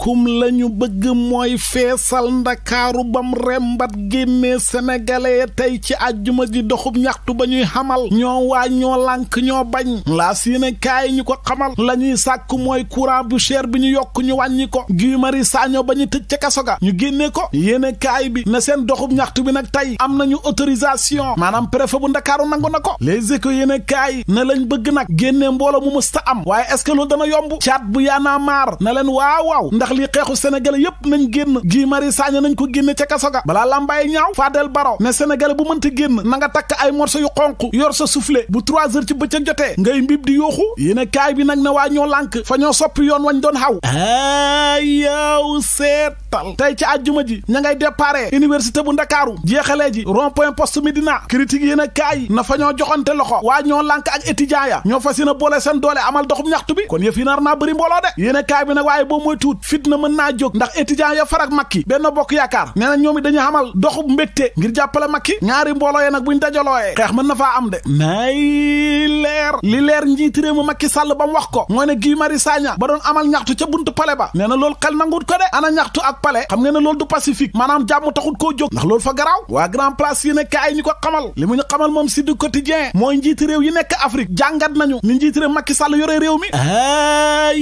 asalaamaaleykum la ñu bëgg mooy feesal ndakaaru bam rembat génnee sénégalais tey ci àjjuma ji doxub ñaxtu ba ñuy xamal ñoo waañ ñoo lànk ñoo bañ laa si ne kaay ñu ko xamal la ñuy sàkk mooy courant bu cher bi ñu yokk ñu wàññi ko Guy Marius Sagna ba ñu tëj ca kaso ga ñu génnee ko yéene kaay bi na seen doxub ñaxtu bi nag tey am nañu autorisation maanaam préfet bu ndakaaru nangu na ko les échos yéene kaay na lañ bëgg nag génnee mboola mu mësta am waaye est-ce que loolu dana yomb caat bu yaanaa na leen waaw ndax li xeexu sénégalais yépp nañ génn Guy Marius Sagna nañ ko génne ca kaso ga balaa làmbaay ñaaw Fadel Baro ne sénégalais bu mënta génn na takk ay morso yu xonq yor sa soufflet bu trois heures ci bëccëg jotee ngay mbib di yooxu yéen kaay bi nag ne waa ñoo lànk fa ñoo soppi yoon wañ doon xaw ayaw seet tal tey ci àjjuma ji ña ngay déparé université bu ndakaaru jeexalee ji rond point poste Médina critique yéen a kaay na fa ñoo joxante loxo waa ñoo lànk ak étudiant ya ñoo fas yéene boole seen doole amal doxum ñaxtu bi kon yëf yi nar naa bëri mbooloo de yéen a kaay bi nag waaye boo mooy tuut fitna mën naa jóg ndax étudiant ya farak makki benn bokk yaakaar nee na ñoom it dañuy xamal doxub mbégte ngir jàppale makki ñaari mbooloo ya nag buñ dajalooyee xeex mën na faa am de li leer njiiti réew mi Macky Sall ba mu wax ko mooy ne Guy Marius Sagna ba doon amal ñaxtu ca bunt pale ba nee na loolu xel nangut ko de ana ñaxtu ak palais xam ngeen ne loolu du pacifique maanaam jàmm taxut koo jóg ndax loolu fa garaaw waa grand place yi nekk ay ñu ko xamal li mu ñu xamal moom si du quotidien mooy njiiti réew yi nekk Afrique jàngat nañu ni njiiti réew Macky Sall yore réew mi a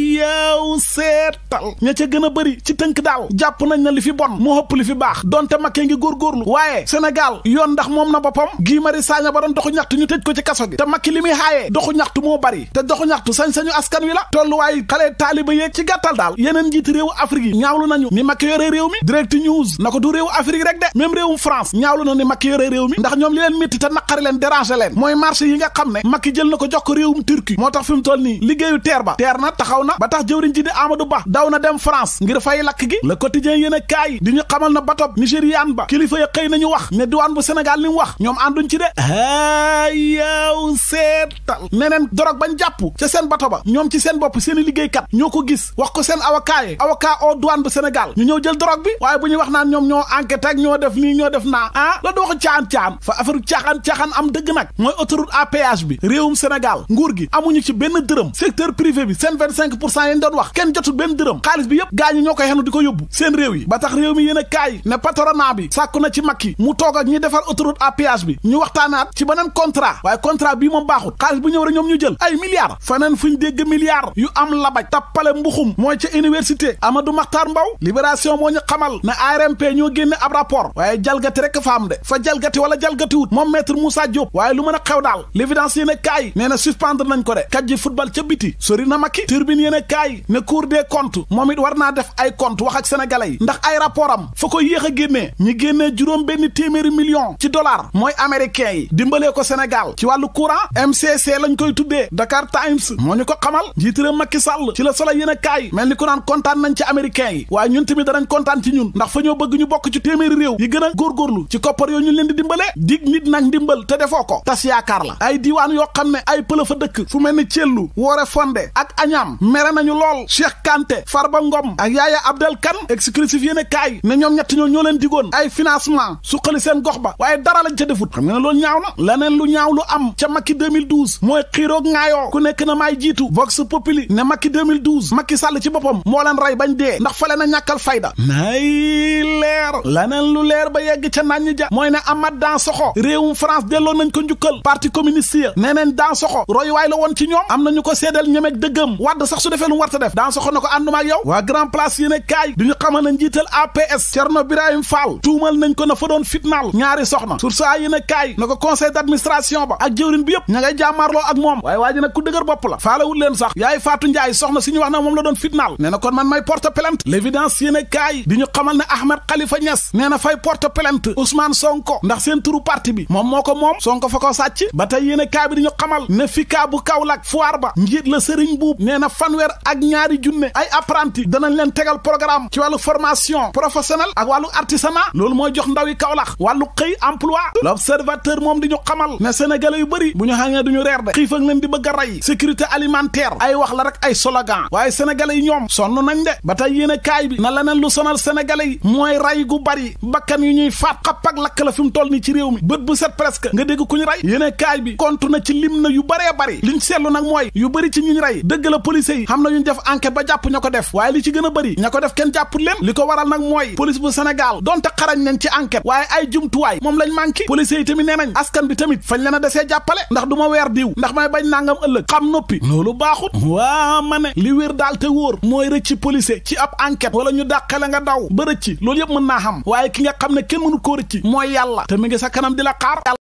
seetal ña ca gën a bëri ci tënk daal jàpp nañ na li fi bon mu ëpp li fi baax donte Macky ngi góorgóorlu waaye Sénégal yoon ndax moom na boppam Guy Marius Sagna ba doon doxu ñaxtu ñu tëj ko ci kaso gi te Macky li muy xaayee dox doxu ñaxtu moo bari te doxu ñaxtu sañ-sañu askan wi la tolluwaay xale taaliba yeeg ci gàttal daal yeneen njiiti réewu Afrique yi ñaawlu nañu ni Macky yore réew mi direct news na ko du réewu Afrique rek de même réewu France ñaawlu na ni Macky yore réew mi ndax ñoom li leen métti te naqari leen déranger leen mooy marché yi nga xam ne Macky jël na ko jox ko réewum Turquie moo tax fi mu toll nii liggéeyu teer ba teer na taxaw na ba tax jëwriñ ji di Amadou Ba daw na dem a kaay di ñu na batob nigérian ba kilifa ya wax ñoom ànduñ ci de aayaw neneen dorog bañ jàpp ca seen bato ba ñoom ci seen bopp seen i liggéeykat ñoo ko gis wax ko seen avocat yi avocat au douane bu Sénégal ñu ñëw jël dorog bi waaye bu ñu wax naan ñoom ñoo enquête ak ñoo def nii ñoo def naa ah loolu da waxu caaxaan-caaxaan am dëgg nag mooy autoroute à péage bi réewum Sénégal nguur gi amuñu ci benn dërëm secteur privé bi seen vingt cinq pour cent doon wax kenn jotul benn dërëm xaalis bi yëpp gaa ñi ñoo koy xenu di ko yóbbu seen réew yi ba tax réew a kaay ne patronat bi sàkku na ci mu toog ak ñi defar autoroute bi ñu waxtaanaat ci beneen contrat waaye contrat bii moom baaxul xaalis bu ñëw après ñoom ñu jël ay milliards faneen fu ñu dégg milliards yu am labaj tappale mbuxum mooy ca université Amadou Makhtar Mbow libération moo ñu xamal ne ARMP ñoo génne am rapport waaye jalgati rek fa am de fa jalgati wala jalgatiwut moom maître Moussa Diop waaye lu ma a xew daal l'évidence yéen a kaay nee na suspendre nañ ko de kajji football ca biti sori na makki turbine yéen a kaay ne cour des comptes moom it war naa def ay compte wax ak sénégalais yi ndax ay rapport am fa ko yéex a ñu génnee juróom benn téeméeri million ci dollar mooy américain yi dimbalee ko Sénégal ci wàllu courant MCC lañ koy tuddee Dakar Times moo ñu ko xamal njiitëram Macky Sall ci la solo yéen kaay mel ni ku naan kontaan nañ ci américains yi waaye ñun tamit danañ kontaan ci ñun ndax fa ñoo bëgg ñu bokk ci téeméeri réew yi gën a góorgóorlu ci koppar yoo ñu leen di dimbalee dig nit nag ndimbal te defoo ko tas yaakaar la ay diiwaan yoo xam ne ay pëla fa dëkk fu mel ni cellu woore fonde ak añaam mere nañu lool Cheikh Kanté Farba Ngom ak Yaaya Abdel Kane exclusif yéen a kaay ne ñoom ñett lu ñaaw lu am xiiroog ngaayoo ku nekk na maay jiitu vox populi ne Macky 2012 Sall ci boppam moo leen rey bañ dee ndax fale na ñàkkal fayda nay leeral laneen lu leer ba yegg ca naan ñi ja mooy ne Amath Dansokho réewum France delloo nañ ko njukkal parti communiste ya nee neen Dansokho roy waay la woon ci ñoom am nañu ko seedal ñemeeg dëggam wadd sax su defee lu warta def Dansokho na ko ànduma ak yow waa grand place yéen e kaay duñu xamal na njiital APS Thierno Birahim kaay na ko conseil d'administration ba ak jëwrin bi yëpp ña ngay jàmmaarloo ak moom waaye waa ji ku dëgër bopp la faalawut leen sax yaay Fatou Niass nee na fay porte plainte Ousmane Sonko ndax seen turu parti bi moom moo ko moom Sonko fa ko sàcc ba tey yéen a kaa bi di ñu xamal ne fika bu Kaolack foire ba njiit la Serigne Buub nee na fanweer ak ñaari junne ay apprenti danañ leen tegal programme ci wàllu formation professionnelle ak wàllu artisanat loolu mooy jox ndaw yi wallu xëy emploi l'observateur moom di ñu xamal ne sénégalais yu bari bu ñu xàngee duñu reer de xiif leen di bëgg ay wax la rek ay slogan waaye sénégalais yi ñoom sonn nañ de ba tey bi na leneen lu sonal sénégalais yi ray gu yu bari bakkan yu ñuy faat xapp ak lakk la fi mu toll ni ci réew mi bët bu set presque nga dégg ku ñu rey yéene kaay bi kontu na ci lim na yu baree bari liñ seetlu nag mooy yu bëri ci ñuñ rey dëgg la police yi xam na ñu def enquête ba jàpp ña ko def waaye li ci gën a bëri ña ko def kenn jàppul leen li ko waral nag mooy police ci enquête yi tamit nee nañ askan bi tamit fañ leen a desee jàppale ndax du weer diw ndax may bañ nangam ëllëg xam noppi loolu baaxut waa ma ne li wér daal te xam waaye ki nga xam ne kenn mënu koo rëcc mooy yàlla te mi sa kanam di la xaar